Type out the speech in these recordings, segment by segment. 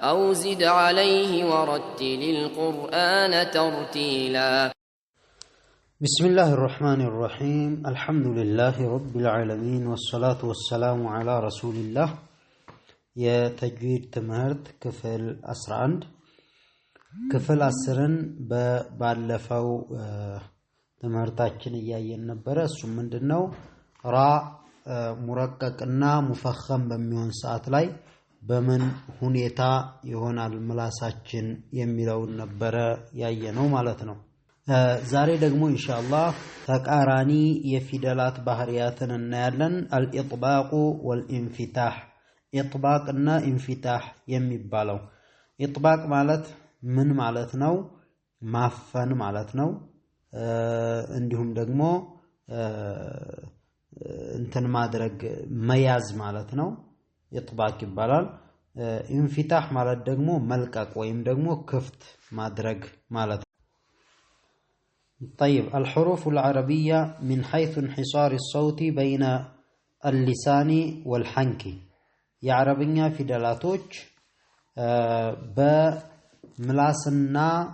أو زد عليه ورتل القرآن ترتيلا بسم الله الرحمن الرحيم الحمد لله رب العالمين والصلاة والسلام على رسول الله يا تجويد تمهرت كفل أسراند ክፍል አስርን ባለፈው ትምህርታችን እያየን ነበረ እሱም ምንድን ነው ራ ሙረቀቅና ሙፈኸም በሚሆን ሰዓት ላይ በምን ሁኔታ ይሆናል ምላሳችን የሚለውን ነበረ ያየ ነው ማለት ነው። ዛሬ ደግሞ ኢንሻአላህ ተቃራኒ የፊደላት ባህሪያትን እናያለን። አልኢጥባቁ ወልኢንፊታህ ኢጥባቅ እና ኢንፊታህ የሚባለው ኢጥባቅ ማለት ምን ማለት ነው? ማፈን ማለት ነው። እንዲሁም ደግሞ እንትን ማድረግ መያዝ ማለት ነው። إطباك بلال إنفتاح مالات دغمو ملقاك ويم دغمو كفت مادرق مالات طيب الحروف العربية من حيث انحصار الصوت بين اللسان والحنك يا في دلاتوش با ملاسنا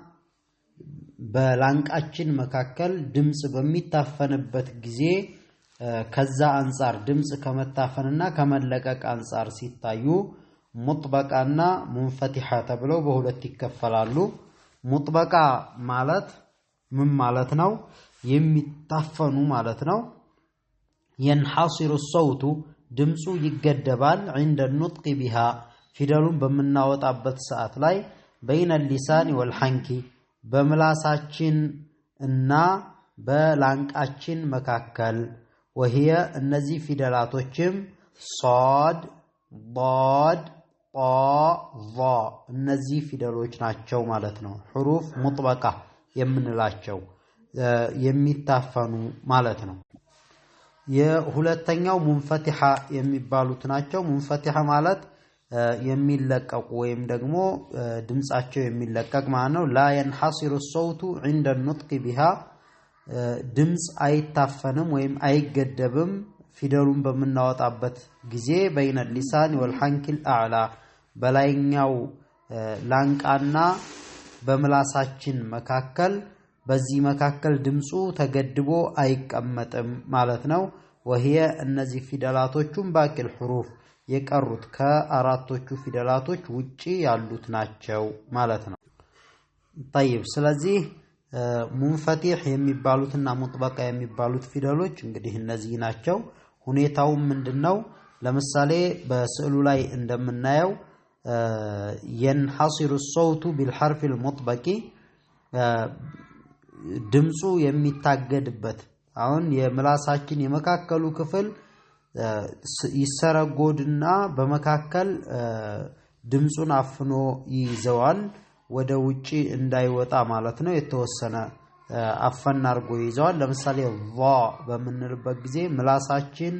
بلانك أتشن مكاكل دمس بميتافن بتجزي ከዛ አንጻር ድምፅ ከመታፈንና ከመለቀቅ አንጻር ሲታዩ ሙጥበቃና ሙንፈቲሐ ተብለው በሁለት ይከፈላሉ። ሙጥበቃ ማለት ምን ማለት ነው? የሚታፈኑ ማለት ነው። የንሐሲሩ ሰውቱ ድምፁ ይገደባል። ዒንደ ኑጥቂ ቢሃ ፊደሉን በምናወጣበት ሰዓት ላይ በይነ ሊሳኒ ወልሐንኪ በምላሳችን እና በላንቃችን መካከል ወህየ እነዚህ ፊደላቶችም ሶድ፣ ዶድ፣ ጦ፣ ዞ እነዚህ ፊደሎች ናቸው ማለት ነው። ሑሩፍ ሙጥበቃ የምንላቸው የሚታፈኑ ማለት ነው። የሁለተኛው ሙንፈቲሓ የሚባሉት ናቸው። ሙንፈቲሓ ማለት የሚለቀቁ ወይም ደግሞ ድምፃቸው የሚለቀቅ ማለት ነው። ላ የንሐሲሩ ሰውቱ ዒንደ ኑጥቂ ቢሃ ድምፅ አይታፈንም ወይም አይገደብም። ፊደሉን በምናወጣበት ጊዜ በይነ ሊሳን ወልሐንኪል አዕላ በላይኛው ላንቃና በምላሳችን መካከል በዚህ መካከል ድምፁ ተገድቦ አይቀመጥም ማለት ነው። ወህየ እነዚህ ፊደላቶቹም ባቂል ሑሩፍ የቀሩት ከአራቶቹ ፊደላቶች ውጪ ያሉት ናቸው ማለት ነው። ጠይብ ስለዚህ ሙንፈቲሕ የሚባሉትና ሙጥበቃ የሚባሉት ፊደሎች እንግዲህ እነዚህ ናቸው። ሁኔታውም ምንድን ነው? ለምሳሌ በስዕሉ ላይ እንደምናየው የንሐሲሩ ሰውቱ ቢልሐርፊል ሙጥበቂ ድምፁ የሚታገድበት አሁን የምላሳችን የመካከሉ ክፍል ይሰረጎድና በመካከል ድምፁን አፍኖ ይይዘዋል። ወደ ውጪ እንዳይወጣ ማለት ነው። የተወሰነ አፈን አድርጎ ይዘዋል። ለምሳሌ በምንልበት ጊዜ ምላሳችን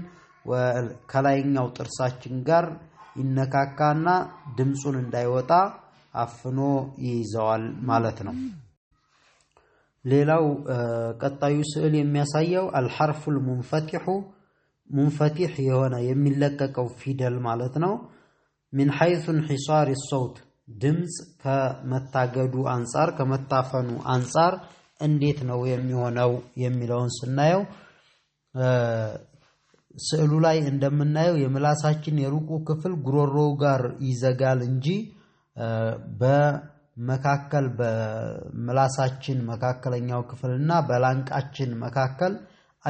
ከላይኛው ጥርሳችን ጋር ይነካካና ድምፁን እንዳይወጣ አፍኖ ይይዘዋል ማለት ነው። ሌላው ቀጣዩ ስዕል የሚያሳየው አልሐርፉል ሙንፈቲሑ ሙንፈቲሕ የሆነ የሚለቀቀው ፊደል ማለት ነው። ሚን ሐይሱ እንሒሳር ሰውት ድምፅ ከመታገዱ አንጻር ከመታፈኑ አንጻር እንዴት ነው የሚሆነው የሚለውን ስናየው ስዕሉ ላይ እንደምናየው የምላሳችን የሩቁ ክፍል ጉሮሮው ጋር ይዘጋል እንጂ በመካከል በምላሳችን መካከለኛው ክፍልና በላንቃችን መካከል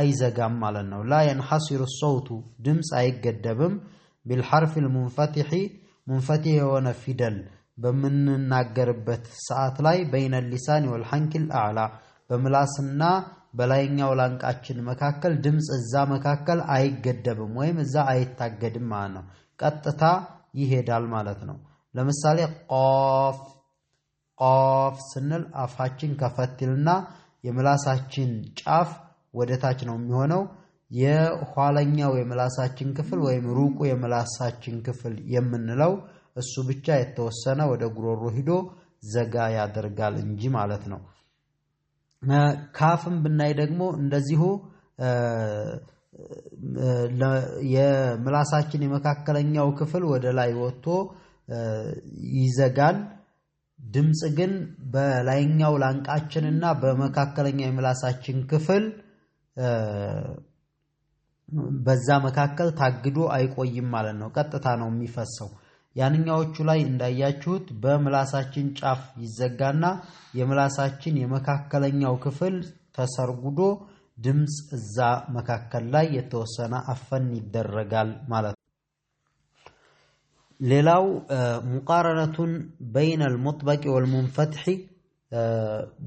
አይዘጋም ማለት ነው። ላ የንሐሲሩ ሰውቱ ድምፅ አይገደብም። ቢልሐርፊል ሙንፈቲሒ ሙንፈቲሕ የሆነ ፊደል በምንናገርበት ሰዓት ላይ በይነ ሊሳን ወልሐንኪል አዕላ በምላስና በላይኛው ላንቃችን መካከል ድምፅ እዛ መካከል አይገደብም ወይም እዛ አይታገድም ማለት ነው። ቀጥታ ይሄዳል ማለት ነው። ለምሳሌ ቆፍ ቆፍ ስንል አፋችን ከፈትልና የምላሳችን ጫፍ ወደታች ነው የሚሆነው። የኋለኛው የምላሳችን ክፍል ወይም ሩቁ የምላሳችን ክፍል የምንለው እሱ ብቻ የተወሰነ ወደ ጉሮሮ ሂዶ ዘጋ ያደርጋል እንጂ ማለት ነው። ካፍም ብናይ ደግሞ እንደዚሁ የምላሳችን የመካከለኛው ክፍል ወደ ላይ ወጥቶ ይዘጋል። ድምፅ ግን በላይኛው ላንቃችንና በመካከለኛው የምላሳችን ክፍል በዛ መካከል ታግዶ አይቆይም ማለት ነው። ቀጥታ ነው የሚፈሰው። ያንኛዎቹ ላይ እንዳያችሁት በምላሳችን ጫፍ ይዘጋና የምላሳችን የመካከለኛው ክፍል ተሰርጉዶ ድምፅ እዛ መካከል ላይ የተወሰነ አፈን ይደረጋል ማለት ነው። ሌላው ሙቃረነቱን በይነል ሙጥበቂ ወልሙንፈትሒ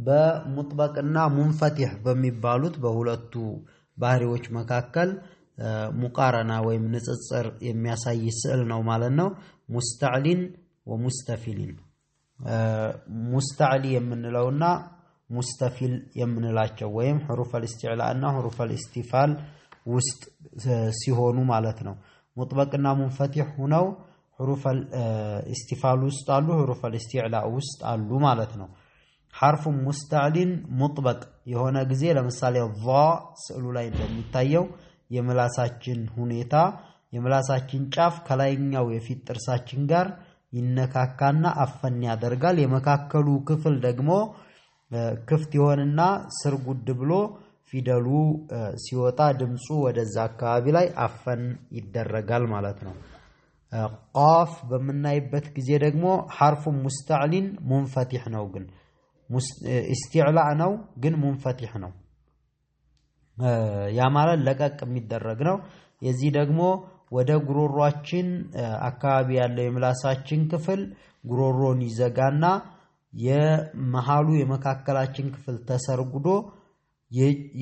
በሙጥበቅና ሙንፈቲሕ በሚባሉት በሁለቱ ባህሪዎች መካከል ሙቃረና ወይም ንጽጽር የሚያሳይ ስዕል ነው ማለት ነው። ሙስተዕሊን ወሙስተፊሊን ሙስተዕሊ የምንለውና ሙስተፊል የምንላቸው ወይም ሕሩፍ እስቲዕላ እና ሕሩፍ እስቲፋል ውስጥ ሲሆኑ ማለት ነው። ሙጥበቅና ሙንፈቲሕ ሁነው ሕሩፍ እስቲፋል ውስጥ አሉ፣ ሕሩፍ እስቲዕላ ውስጥ አሉ ማለት ነው። ሐርፉ ሙስተዕሊን ሙጥበቅ የሆነ ጊዜ ለምሳሌ ቫ ስዕሉ ላይ እንደሚታየው የምላሳችን ሁኔታ የምላሳችን ጫፍ ከላይኛው የፊት ጥርሳችን ጋር ይነካካና አፈን ያደርጋል። የመካከሉ ክፍል ደግሞ ክፍት ይሆንና ስር ጉድ ብሎ ፊደሉ ሲወጣ ድምፁ ወደዛ አካባቢ ላይ አፈን ይደረጋል ማለት ነው። ቃፍ በምናይበት ጊዜ ደግሞ ሐርፉን ሙስተዕሊን ሙንፈቲሕ ነው፣ ግን ኢስቲዕላእ ነው፣ ግን ሙንፈቲሕ ነው። ያ ለቀቅ የሚደረግ ነው። የዚህ ደግሞ ወደ ጉሮሯችን አካባቢ ያለው የምላሳችን ክፍል ጉሮሮን ይዘጋና የመሃሉ የመካከላችን ክፍል ተሰርጉዶ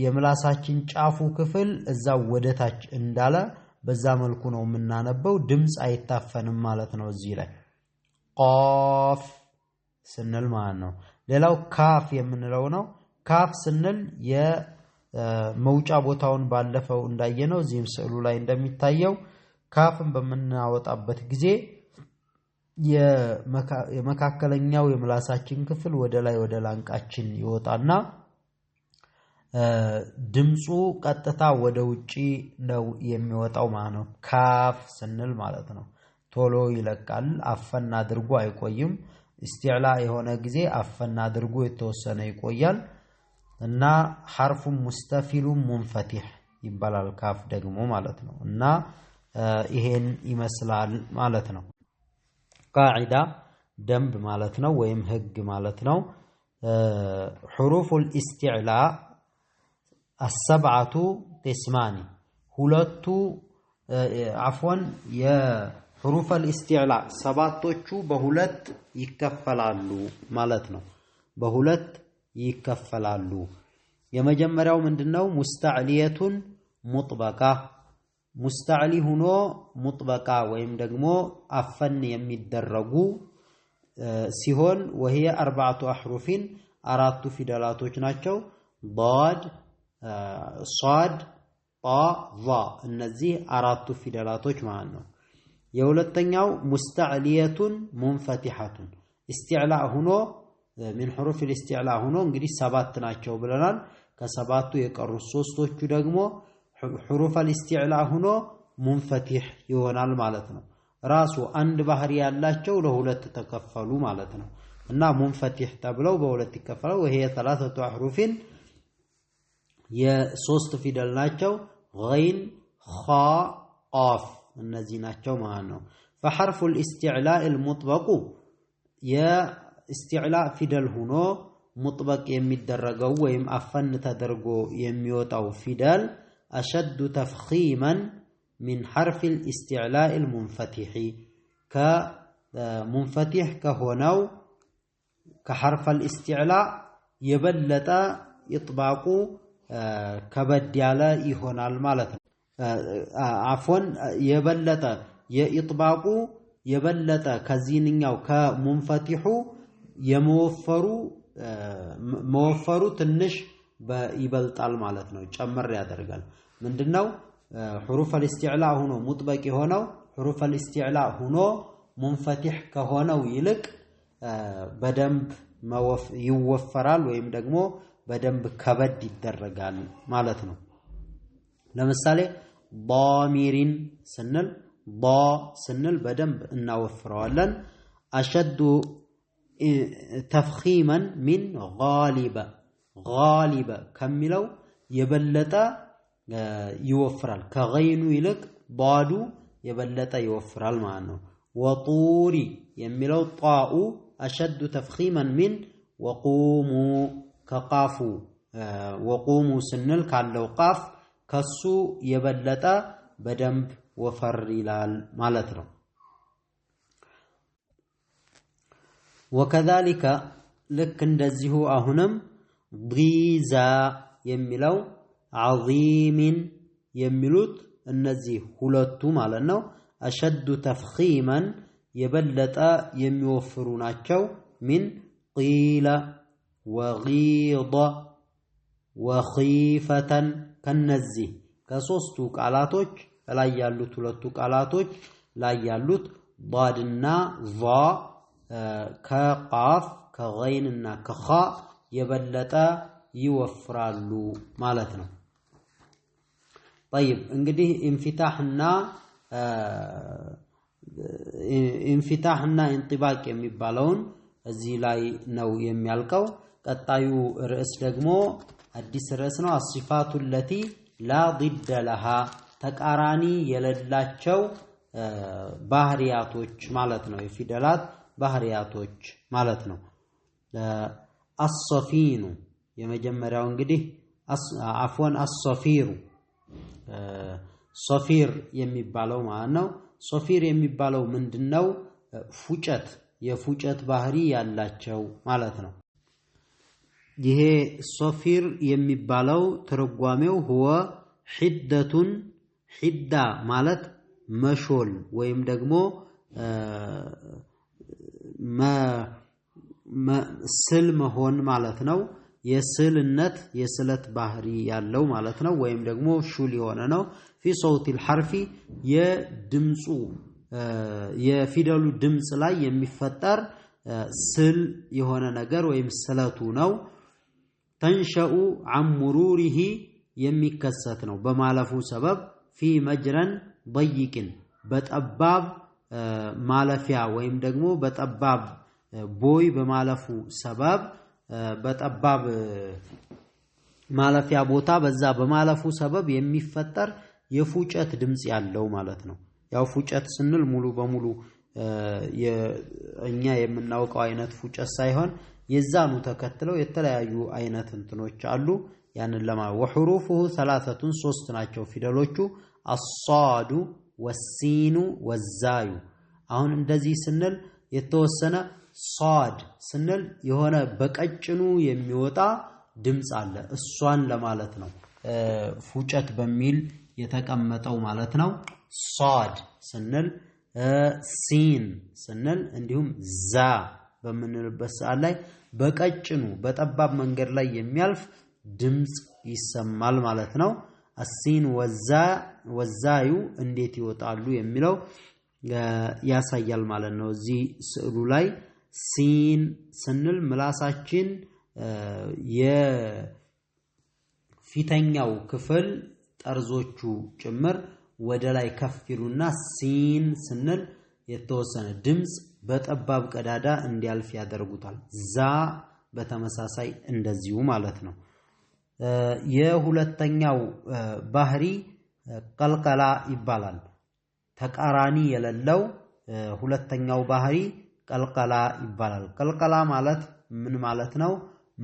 የምላሳችን ጫፉ ክፍል እዛ ወደታች እንዳለ በዛ መልኩ ነው የምናነበው። ድምፅ አይታፈንም ማለት ነው። እዚህ ላይ ቆፍ ስንል ማለት ነው። ሌላው ካፍ የምንለው ነው። ካፍ ስንል መውጫ ቦታውን ባለፈው እንዳየነው እዚህም ስዕሉ ላይ እንደሚታየው ካፍን በምናወጣበት ጊዜ የመካከለኛው የምላሳችን ክፍል ወደ ላይ ወደ ላንቃችን ይወጣና ድምፁ ቀጥታ ወደ ውጪ ነው የሚወጣው ማለት ነው። ካፍ ስንል ማለት ነው። ቶሎ ይለቃል። አፈና አድርጎ አይቆይም። እስቲዕላ የሆነ ጊዜ አፈና አድርጎ የተወሰነ ይቆያል። እና ሐርፉን ሙስተፊሉን ሙንፈቲሕ ይባላል። ካፍ ደግሞ ማለት ነው እና ይሄን ይመስላል ማለት ነው። ቃዒዳ ደንብ ማለት ነው ወይም ህግ ማለት ነው። ሑሩፉል ኢስቲዕላ አሰብዓቱ ቴስማኒ ሁለቱ አፍወን የሑሩፈል ኢስቲዕላ ሰባቶቹ በሁለት ይከፈላሉ ማለት ነው በሁለት ይከፈላሉ። የመጀመሪያው ምንድነው? ሙስተዕሊየቱን ሙጥበቃ ሙስተዕሊ ሁኖ ሙጥበቃ ወይም ደግሞ አፈን የሚደረጉ ሲሆን ወህየ አርባዕቱ አሕሩፊን አራቱ ፊደላቶች ናቸው። ዷድ፣ ሷድ፣ ጣ፣ እነዚህ አራቱ ፊደላቶች ማለት ነው። የሁለተኛው ሙስተዕሊየቱን ሙንፈቲሐቱን እስቲዕላእ ሁኖ ሚን ሑሩፍ ልስትዕላ ሆኖ እንግዲህ ሰባት ናቸው ብለናል። ከሰባቱ የቀሩት ሶስቶቹ ደግሞ ሑሩፍ ልስትዕላ ሆኖ ሙንፈቲሕ ይሆናል ማለት ነው። ራሱ አንድ ባህሪ ያላቸው ለሁለት ተከፈሉ ማለት ነው እና ሙንፈቲሕ ተብለው በሁለት ይከፈላል። ይሄ የተላተቱ አሕሩፊን የሶስት ፊደል ናቸው። ገይን፣ ኻ፣ ቃፍ እነዚህ ናቸው ማለት ነው። ፈሐርፉ ልስትዕላ ልሙጥበቁ استعلاء فيدل هنو مطبق يمدرق ويم أفن تدرقو يميوت أو فيدل أشد تفخيما من حرف الاستعلاء المنفتح كمنفتح آه، كهونو كحرف الاستعلاء يبلط إطباق آه، كبد على إيهون المالت آه، عفوا يبلط يطباق يبلط كزين أو كمنفتحو የመወፈሩ መወፈሩ ትንሽ ይበልጣል ማለት ነው። ጨምር ያደርጋል። ምንድነው ሑሩፍ አልስቲዕላ ሁኖ ሙጥበቅ የሆነው ሑሩፍ አልስቲዕላ ሁኖ ሙንፈቲሕ ከሆነው ይልቅ በደንብ ይወፈራል ወይም ደግሞ በደንብ ከበድ ይደረጋል ማለት ነው። ለምሳሌ ሚሪን ስንል ዳ ስንል በደንብ እናወፍረዋለን። አሸዱ تفخيما من غالبا غالبا كملو يبلطة آه، يوفرال كغينو يلك بادو يبلطة يوفرال معنو وطوري يملو طاء أشد تفخيما من وقوموا كقافو آه، وقوموا سنل كعلو قاف كسو يبلطة بدمب وفر إلى المالترم وكذلك لك اندزه اهنم ضيزا يميلو عظيم يميلوت النزي هلوتو مالنو اشد تفخيما يبلط يميوفروناچو من قيل وغيض وخيفة كالنزي كصوستو قالاتوك لا يالوت هلوتو قالاتوك لا يالوت ضادنا ضا ከቃፍ ከገይን እና ከኻ የበለጠ ይወፍራሉ ማለት ነው። ጠይብ እንግዲህ ኢንፊታህና ኢንፊታህና ኢንጢባቅ የሚባለውን እዚህ ላይ ነው የሚያልቀው። ቀጣዩ ርዕስ ደግሞ አዲስ ርዕስ ነው። አሲፋቱ ለቲ ላ ዲደ ለሃ ተቃራኒ የሌላቸው ባህሪያቶች ማለት ነው የፊደላት ባህሪያቶች ማለት ነው። አሶፊኑ የመጀመሪያው እንግዲህ አፍወን አሶፊሩ ሶፊር የሚባለው ማለት ነው። ሶፊር የሚባለው ምንድን ነው? ፉጨት የፉጨት ባህሪ ያላቸው ማለት ነው። ይሄ ሶፊር የሚባለው ትርጓሜው ህወ ሒደቱን ሒዳ ማለት መሾል ወይም ደግሞ ስል መሆን ማለት ነው። የስልነት የስለት ባህሪ ያለው ማለት ነው። ወይም ደግሞ ሹል የሆነ ነው። ፊ ሰውቲል ሐርፊ የድምፁ የፊደሉ ድምፅ ላይ የሚፈጠር ስል የሆነ ነገር ወይም ስለቱ ነው። ተንሸኡ አምሩሪሂ የሚከሰት ነው በማለፉ ሰበብ ፊ መጅረን ደይቅን በጠባብ ማለፊያ ወይም ደግሞ በጠባብ ቦይ በማለፉ ሰበብ በጠባብ ማለፊያ ቦታ በዛ በማለፉ ሰበብ የሚፈጠር የፉጨት ድምፅ ያለው ማለት ነው። ያው ፉጨት ስንል ሙሉ በሙሉ እኛ የምናውቀው አይነት ፉጨት ሳይሆን የዛኑ ተከትለው የተለያዩ አይነት እንትኖች አሉ። ያንን ለማ ወሑሩፉሁ ሰላሰቱን ሶስት ናቸው ፊደሎቹ አሳዱ ወሲኑ ወዛዩ። አሁን እንደዚህ ስንል የተወሰነ ሷድ ስንል የሆነ በቀጭኑ የሚወጣ ድምፅ አለ። እሷን ለማለት ነው ፉጨት በሚል የተቀመጠው ማለት ነው። ሷድ ስንል ሲን ስንል እንዲሁም ዛ በምንልበት ሰዓት ላይ በቀጭኑ በጠባብ መንገድ ላይ የሚያልፍ ድምፅ ይሰማል ማለት ነው። አሲን ወዛዩ እንዴት ይወጣሉ የሚለው ያሳያል ማለት ነው። እዚህ ስዕሉ ላይ ሲን ስንል ምላሳችን የፊተኛው ክፍል ጠርዞቹ ጭምር ወደ ላይ ከፍ ይሉና ሲን ስንል የተወሰነ ድምፅ በጠባብ ቀዳዳ እንዲያልፍ ያደርጉታል። ዛ በተመሳሳይ እንደዚሁ ማለት ነው። የሁለተኛው ባህሪ ቀልቀላ ይባላል። ተቃራኒ የሌለው ሁለተኛው ባህሪ ቀልቀላ ይባላል። ቀልቀላ ማለት ምን ማለት ነው?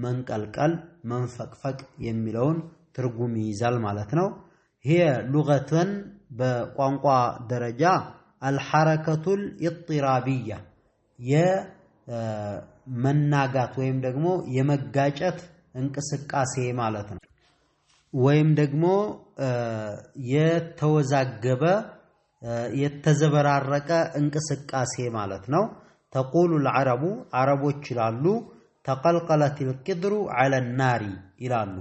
መንቀልቀል፣ መንፈቅፈቅ የሚለውን ትርጉም ይይዛል ማለት ነው። ይሄ ሉገተን በቋንቋ ደረጃ አልሐረከቱል ኢጥራቢያ የመናጋት ወይም ደግሞ የመጋጨት እንቅስቃሴ ማለት ነው። ወይም ደግሞ የተወዛገበ የተዘበራረቀ እንቅስቃሴ ማለት ነው። ተቁሉል ዐረቡ ዐረቦች ይላሉ ተቀልቀለቲል ቂድሩ ዐለ ናሪ ይላሉ።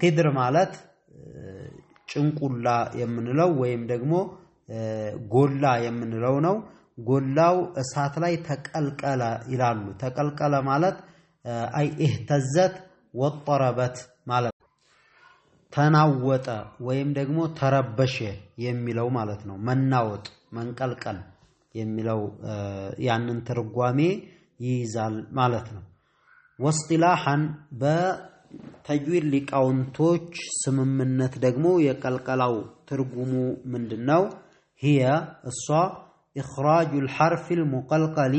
ቂድር ማለት ጭንቁላ የምንለው ወይም ደግሞ ጎላ የምንለው ነው። ጎላው እሳት ላይ ተቀልቀለ ይላሉ። ተቀልቀለ ማለት አይ ኢህተዘት ወጠረበት ማለት ነው። ተናወጠ ወይም ደግሞ ተረበሸ የሚለው ማለት ነው። መናወጥ መንቀልቀል የሚለው ያንን ትርጓሜ ይይዛል ማለት ነው። ወስጢላሐን በተጅዊድ ሊቃውንቶች ስምምነት ደግሞ የቀልቀላው ትርጉሙ ምንድነው ነው? ሂየ እሷ ኢኽራጁል ሐርፊል ሙቀልቀሊ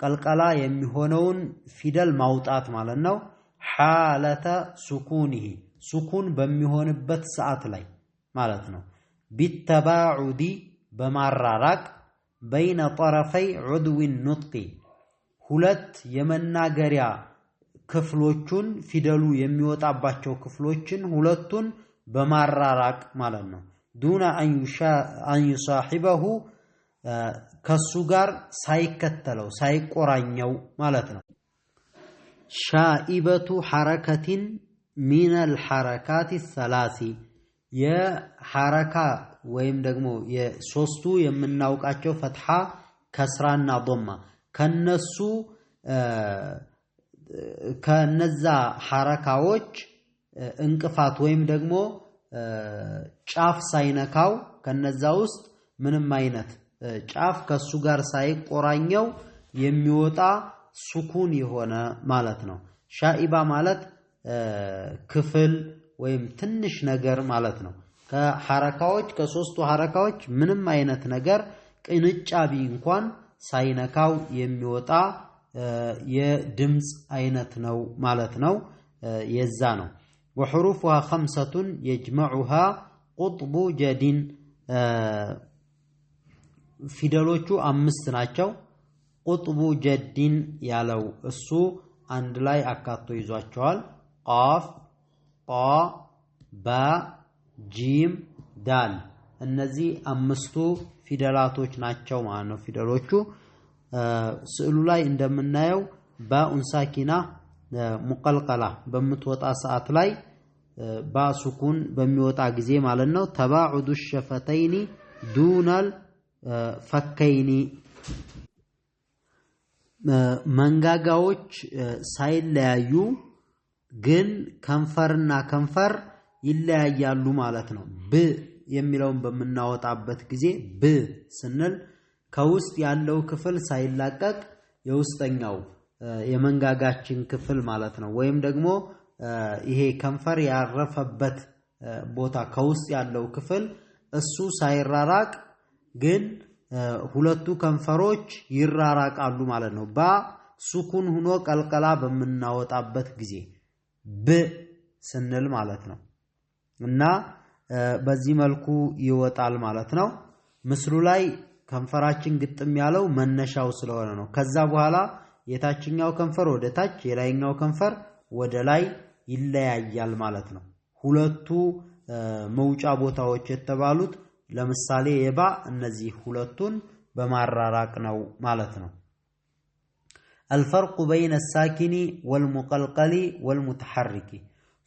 ቀልቀላ የሚሆነውን ፊደል ማውጣት ማለት ነው። ሓለተ ሱኩንሂ ሱኩን በሚሆንበት ሰዓት ላይ ማለት ነው። ቢተባዑዲ በማራራቅ በይነ ጠረፈይ ዑድዊን ኑጥቂ ሁለት የመናገሪያ ክፍሎቹን ፊደሉ የሚወጣባቸው ክፍሎችን ሁለቱን በማራራቅ ማለት ነው። ዱነ አንዩሳሒበሁ ከሱ ጋር ሳይከተለው ሳይቆራኘው ማለት ነው። ሻኢበቱ ሐረከቲን ሚነል ሐረካቲ ሰላሲ የሐረካ ወይም ደግሞ የሶስቱ የምናውቃቸው ፈትሓ ከስራና ዶማ ከነሱ ከነዛ ሐረካዎች እንቅፋት ወይም ደግሞ ጫፍ ሳይነካው ከነዛ ውስጥ ምንም አይነት ጫፍ ከሱ ጋር ሳይቆራኘው የሚወጣ ሱኩን የሆነ ማለት ነው። ሻኢባ ማለት ክፍል ወይም ትንሽ ነገር ማለት ነው። ከሐረካዎች ከሶስቱ ሐረካዎች ምንም አይነት ነገር ቅንጫቢ እንኳን ሳይነካው የሚወጣ የድምፅ አይነት ነው ማለት ነው። የዛ ነው። ወሑሩፉሃ ኸምሰቱን የጅመዑሃ ቁጥቡ ጀዲን ፊደሎቹ አምስት ናቸው። ቁጥቡ ጀዲን ያለው እሱ አንድ ላይ አካቶ ይዟቸዋል። ቃፍ፣ ጣ፣ ባ፣ ጂም፣ ዳል እነዚህ አምስቱ ፊደላቶች ናቸው ማለት ነው። ፊደሎቹ ስዕሉ ላይ እንደምናየው ባኡን ሳኪና ሙቀልቀላ በምትወጣ ሰዓት ላይ ባሱኩን በሚወጣ ጊዜ ማለት ነው። ተባዑዱ ሸፈተይኒ ዱናል ፈከይኒ መንጋጋዎች ሳይለያዩ ግን ከንፈርና ከንፈር ይለያያሉ ማለት ነው። ብ የሚለውን በምናወጣበት ጊዜ ብ ስንል ከውስጥ ያለው ክፍል ሳይላቀቅ የውስጠኛው የመንጋጋችን ክፍል ማለት ነው። ወይም ደግሞ ይሄ ከንፈር ያረፈበት ቦታ ከውስጥ ያለው ክፍል እሱ ሳይራራቅ ግን ሁለቱ ከንፈሮች ይራራቃሉ ማለት ነው። ባ ሱኩን ሁኖ ቀልቀላ በምናወጣበት ጊዜ ብ ስንል ማለት ነው እና በዚህ መልኩ ይወጣል ማለት ነው። ምስሉ ላይ ከንፈራችን ግጥም ያለው መነሻው ስለሆነ ነው። ከዛ በኋላ የታችኛው ከንፈር ወደ ታች፣ የላይኛው ከንፈር ወደ ላይ ይለያያል ማለት ነው። ሁለቱ መውጫ ቦታዎች የተባሉት ለምሳሌ የባ እነዚህ ሁለቱን በማራራቅ ነው ማለት ነው። አልፈርቁ በይነ ሳኪኒ ወልሙቀልቀሊ ወልሙተሐሪኪ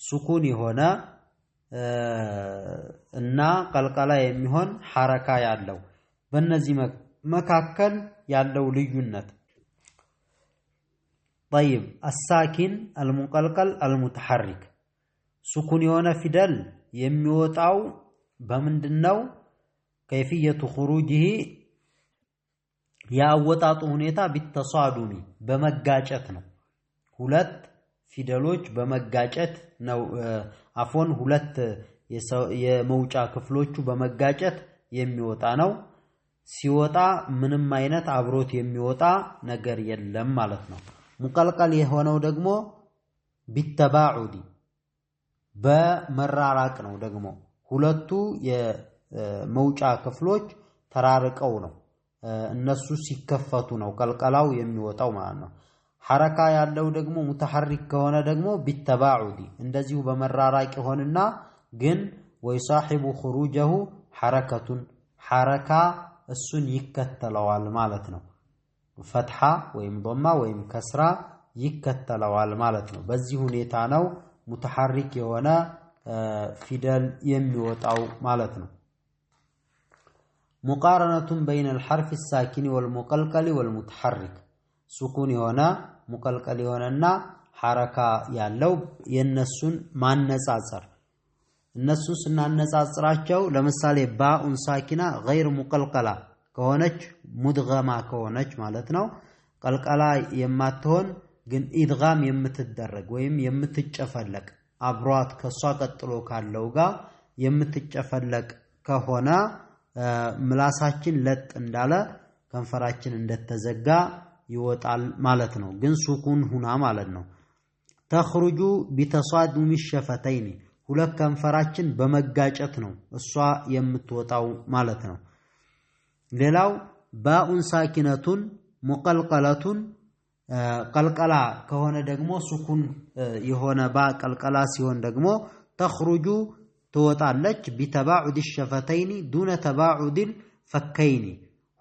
ሱኩን የሆነ እና ቀልቀላ የሚሆን ሐረካ ያለው በእነዚህ መካከል ያለው ልዩነት ጠይብ አሳኪን አልሙቀልቀል አልሙተሐሪክ ሱኩን የሆነ ፊደል የሚወጣው በምንድን ነው? ከይፍየቱ ኹሩጅህ የአወጣጡ ሁኔታ ቢተሳዱሚ በመጋጨት ነው። ሁለት ፊደሎች በመጋጨት ነው። አፎን ሁለት የመውጫ ክፍሎቹ በመጋጨት የሚወጣ ነው። ሲወጣ ምንም አይነት አብሮት የሚወጣ ነገር የለም ማለት ነው። ሙቀልቀል የሆነው ደግሞ ቢተባዑዲ በመራራቅ ነው። ደግሞ ሁለቱ መውጫ ክፍሎች ተራርቀው ነው። እነሱ ሲከፈቱ ነው ቀልቀላው የሚወጣው ማለት ነው። ሐረካ ያለው ደግሞ ሙተሐሪክ ከሆነ ደግሞ ቢተባዑዲ እንደዚሁ በመራራቅ ይሆንና ግን ወይ ሳሒቡ ኹሩጀሁ ሐረከቱን ሐረካ እሱን ይከተለዋል ማለት ነው። ፈትሓ ወይም ዶማ ወይም ከስራ ይከተለዋል ማለት ነው። በዚህ ሁኔታ ነው ሙተሐሪክ የሆነ ፊደል የሚወጣው ማለት ነው። ሙቃረነቱን በይነል ሐርፍ ሳኪን ወልሙቀልቀል ወልሙተሐሪክ ሱኩን የሆነ ሙቀልቀል የሆነና ሐረካ ያለው የእነሱን ማነጻጸር እነሱ ስናነጻጽራቸው ለምሳሌ ባኡን ሳኪና ገይር ሙቀልቀላ ከሆነች ሙድገማ ከሆነች ማለት ነው። ቀልቀላ የማትሆን ግን ኢድጋም የምትደረግ ወይም የምትጨፈለቅ አብሯት ከሷ ቀጥሎ ካለው ጋር የምትጨፈለቅ ከሆነ ምላሳችን ለጥ እንዳለ ከንፈራችን እንደተዘጋ ይወጣል ማለት ነው። ግን ሱኩን ሁና ማለት ነው። ተኽሩጁ ቢተሷዱሚ ሸፈተይኒ ሁለት ከንፈራችን በመጋጨት ነው እሷ የምትወጣው ማለት ነው። ሌላው ባኡን ሳኪነቱን ሙቀልቀለቱን ቀልቀላ ከሆነ ደግሞ ሱኩን የሆነ ባ ቀልቀላ ሲሆን ደግሞ ተኽሩጁ ትወጣለች ቢተባዑድ ሸፈተይኒ ዱነ ተባዑድል ፈከይኒ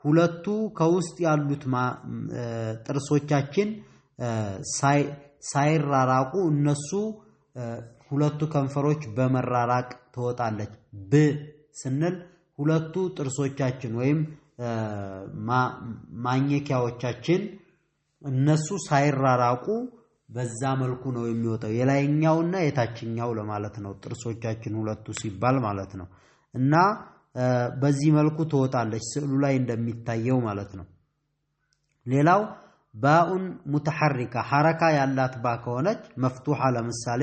ሁለቱ ከውስጥ ያሉት ጥርሶቻችን ሳይራራቁ እነሱ ሁለቱ ከንፈሮች በመራራቅ ትወጣለች። ብ ስንል ሁለቱ ጥርሶቻችን ወይም ማኘኪያዎቻችን እነሱ ሳይራራቁ በዛ መልኩ ነው የሚወጣው የላይኛውና የታችኛው ለማለት ነው። ጥርሶቻችን ሁለቱ ሲባል ማለት ነው። እና በዚህ መልኩ ትወጣለች ስዕሉ ላይ እንደሚታየው ማለት ነው። ሌላው ባኡን ሙተሐሪካ ሐረካ ያላት ባ ከሆነች መፍቱሐ፣ ለምሳሌ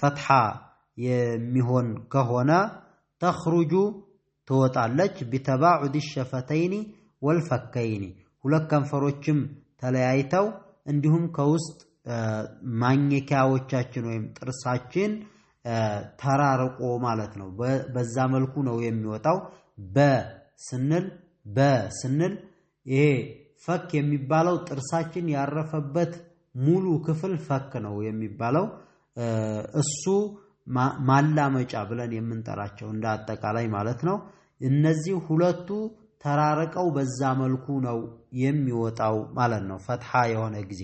ፈትሐ የሚሆን ከሆነ ተኽሩጁ ትወጣለች ቢተባዑድ ሸፈተይኒ ወልፈከይኒ ሁለት ከንፈሮችም ተለያይተው እንዲሁም ከውስጥ ማኘኪያዎቻችን ወይም ጥርሳችን ተራርቆ ማለት ነው። በዛ መልኩ ነው የሚወጣው። በ ስንል በ ስንል ይሄ ፈክ የሚባለው ጥርሳችን ያረፈበት ሙሉ ክፍል ፈክ ነው የሚባለው። እሱ ማላመጫ ብለን የምንጠራቸው እንደ አጠቃላይ ማለት ነው። እነዚህ ሁለቱ ተራርቀው በዛ መልኩ ነው የሚወጣው ማለት ነው። ፈትሃ የሆነ ጊዜ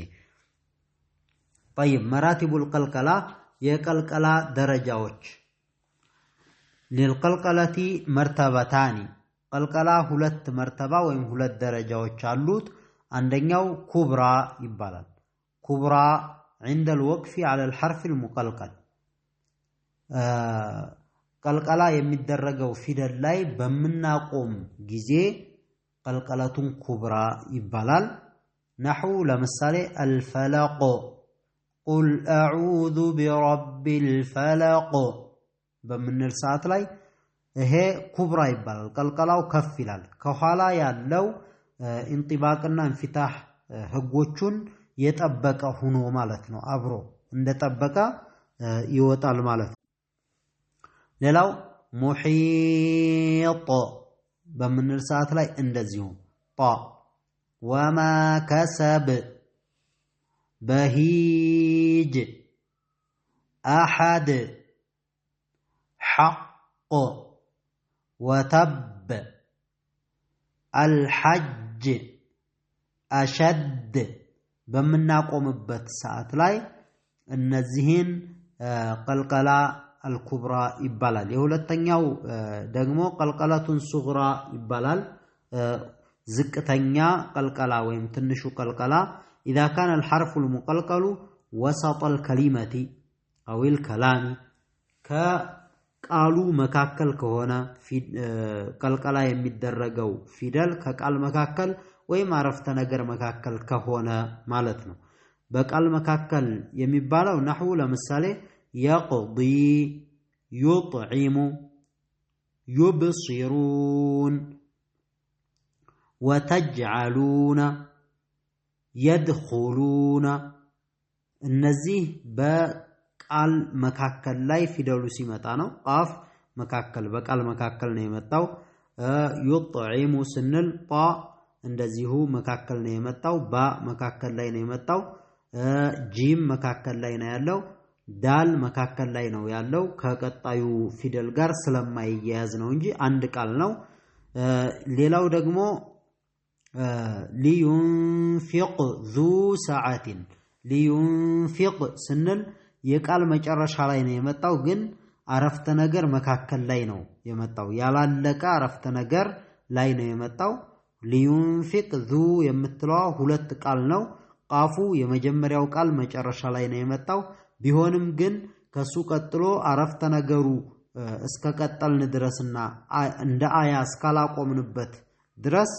طيب مراتب القلقلة يقلقلة درجة وش للقلقلة مرتبتان قلقلة هلت مرتبة وهم هلت درجة وش عندنا كبرى يبالت كبرى عند الوقف على الحرف المقلقل آه قلقلة يمد درجة وفيد اللاي بمنا قوم جزي قلقلة كبرى يبالت نحو لمسالي الفلاقو ቁል አዑዙ ቢረቢል ፈለቅ በምንል ሰዓት ላይ ይሄ ኩብራ ይባላል። ቀልቀላው ከፍ ይላል። ከኋላ ያለው እንጢባቅና እንፊታህ ህጎቹን የጠበቀ ሁኖ ማለት ነው። አብሮ እንደጠበቀ ይወጣል ማለት ነው። ሌላው ሙሒጥ በምንል ሰዓት ላይ እንደዚሁ ጣ ወማ ከሰብ بهيج أحد حق وتب الحج أشد በምናቆምበት ሰዓት ላይ እነዚህን ቀልቀላ አልኩብራ ይባላል። የሁለተኛው ደግሞ ቀልቀለቱን ሱግራ ይባላል። ዝቅተኛ ቀልቀላ ወይም ትንሹ ቀልቀላ إذا كان الحرف المقلقل وسط الكلمة أو الكلام كقالو مكاكل كهونا في آه، قلقلا في دل كقال مكاكل وي عرفت نجر مكاكل كهونا مالتنا بقال مكاكل يمبالو نحو ለምሳሌ يقضي يطعم يبصرون وتجعلون የድኹሉነ እነዚህ በቃል መካከል ላይ ፊደሉ ሲመጣ ነው። ቃፍ መካከል በቃል መካከል ነው የመጣው። ዩጥዒሙ ስንል ጣ እንደዚሁ መካከል ነው የመጣው። ባ መካከል ላይ ነው የመጣው። ጂም መካከል ላይ ነው ያለው። ዳል መካከል ላይ ነው ያለው። ከቀጣዩ ፊደል ጋር ስለማይያያዝ ነው እንጂ አንድ ቃል ነው። ሌላው ደግሞ ሊዩንፊቅ ዙ ሰዓቲን ሊዩንፊቅ ስንል የቃል መጨረሻ ላይ ነው የመጣው፣ ግን አረፍተ ነገር መካከል ላይ ነው የመጣው። ያላለቀ አረፍተ ነገር ላይ ነው የመጣው። ሊዩንፊቅ ዙ የምትለዋ ሁለት ቃል ነው። ቃፉ የመጀመሪያው ቃል መጨረሻ ላይ ነው የመጣው ቢሆንም ግን ከሱ ቀጥሎ አረፍተ ነገሩ እስከቀጠልን ቀጠልን ድረስና እንደ አያ እስካላቆምንበት ድረስ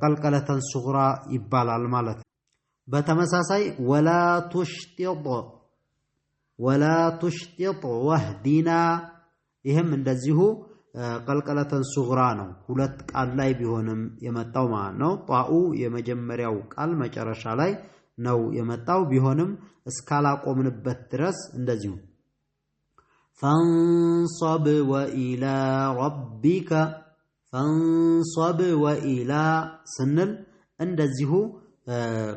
ቀልቀለተን ሱግራ ይባላል ማለት ነው። በተመሳሳይ ወላ ቱሽጢጥ ወላ ቱሽጢጥ ወህዲና ይህም እንደዚሁ ቀልቀለተን ሱግራ ነው። ሁለት ቃል ላይ ቢሆንም የመጣው ማለት ነው። ጣኡ የመጀመሪያው ቃል መጨረሻ ላይ ነው የመጣው ቢሆንም እስካላቆምንበት ድረስ እንደዚሁ ፈንሶብ ወኢላ ረቢከ ፈንሶብ ወኢላ ስንል እንደዚሁ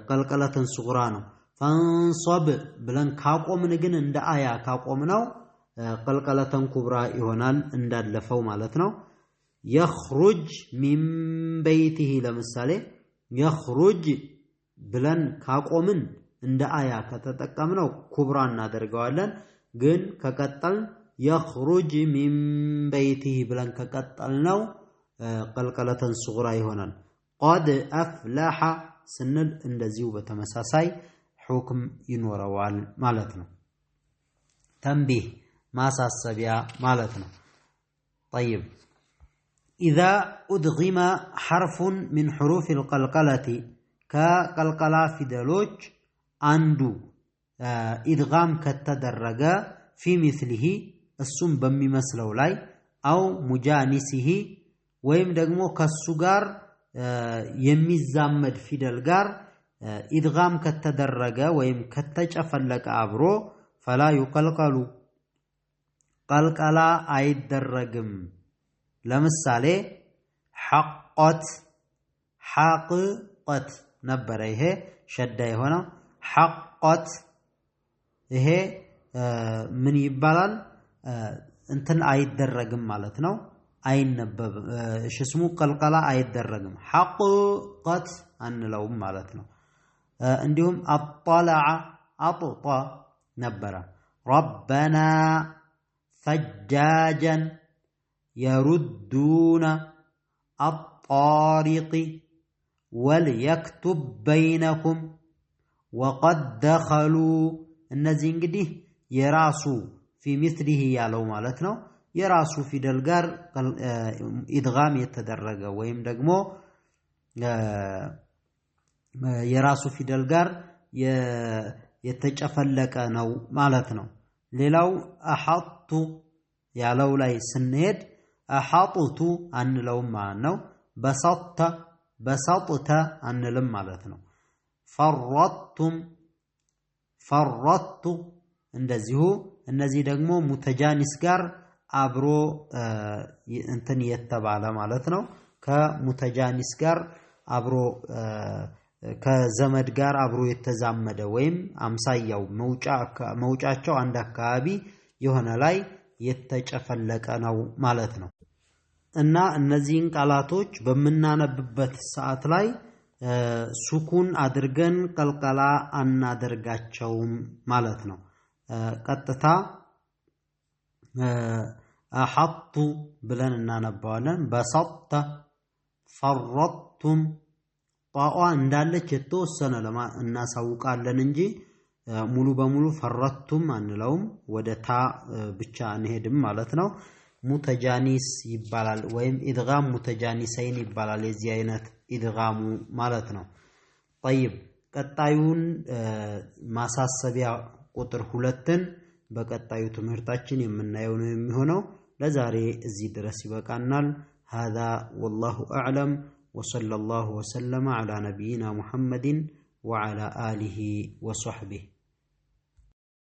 ቀልቀለተን ሱጉራ ነው። ፈንሶብ ብለን ካቆምን ግን እንደ አያ ካቆምነው ቀልቀለተን ኩብራ ይሆናል እንዳለፈው ማለት ነው። የኽሩጅ ሚን በይቲሂ ለምሳሌ የኽሩጅ ብለን ካቆምን እንደ አያ ከተጠቀምነው ኩብራ እናደርገዋለን። ግን ከቀጠልን የኽሩጅ ሚን በይቲሂ ብለን ከቀጠልነው قلقلة صغرى هنا قد أفلح سنل اندزيو بتمساساي حكم ينورا وعال مالتنا تنبيه ما ساسبيا مالتنا طيب إذا أدغم حرف من حروف القلقلة كقلقلة في دلوج أندو آه، إدغام كتدرج في مثله السم بمي مسلولاي أو مجانسه ወይም ደግሞ ከሱ ጋር የሚዛመድ ፊደል ጋር ኢድጋም ከተደረገ ወይም ከተጨፈለቀ አብሮ ፈላ ዩቀልቀሉ ቀልቀላ አይደረግም። ለምሳሌ ሐቆት ሐቅቆት ነበረ። ይሄ ሸዳ የሆነው ሐቆት። ይሄ ምን ይባላል? እንትን አይደረግም ማለት ነው። አይነበብ እሺ ስሙ ቀልቀላ አይደረግም ሐቁቀት አንለውም ማለት ነው እንዲሁም አጣለዐ አጥጣ ነበረ ረበና ፈጃጀን የሩዱነ الطارق وليكتب بينكم وقد دخلوا እነዚህ እንግዲህ የራሱ في مثله ያለው ማለት ነው የራሱ ፊደል ጋር ኢድጋም የተደረገ ወይም ደግሞ የራሱ ፊደል ጋር የተጨፈለቀ ነው ማለት ነው። ሌላው አሐጡ ያለው ላይ ስንሄድ አሐጡቱ አንለውም ማለት ነው። በሳጥተ በሳጥተ አንልም ማለት ነው። ፈረቱም ፈረቱ እንደዚሁ። እነዚህ ደግሞ ሙተጃኒስ ጋር አብሮ እንትን የተባለ ማለት ነው። ከሙተጃኒስ ጋር አብሮ ከዘመድ ጋር አብሮ የተዛመደ ወይም አምሳያው መውጫቸው አንድ አካባቢ የሆነ ላይ የተጨፈለቀ ነው ማለት ነው። እና እነዚህን ቃላቶች በምናነብበት ሰዓት ላይ ሱኩን አድርገን ቀልቀላ አናደርጋቸውም ማለት ነው። ቀጥታ አሐጡ ብለን እናነባዋለን። በሰጥተ ፈረጥቱም ጧዋ እንዳለች የተወሰነ እናሳውቃለን እንጂ ሙሉ በሙሉ ፈረቱም አንለውም። ወደ ታ ብቻ አንሄድም ማለት ነው። ሙተጃኒስ ይባላል ወይም ኢድጋም ሙተጃኒሰይን ይባላል። የዚህ አይነት ኢድጋሙ ማለት ነው። ጠይብ ቀጣዩን ማሳሰቢያ ቁጥር ሁለትን بقطعي تمرتاچن يمنايون يميهونو لزاري زي درسي بقانال هذا والله أعلم وصلى الله وسلم على نبينا محمد وعلى آله وصحبه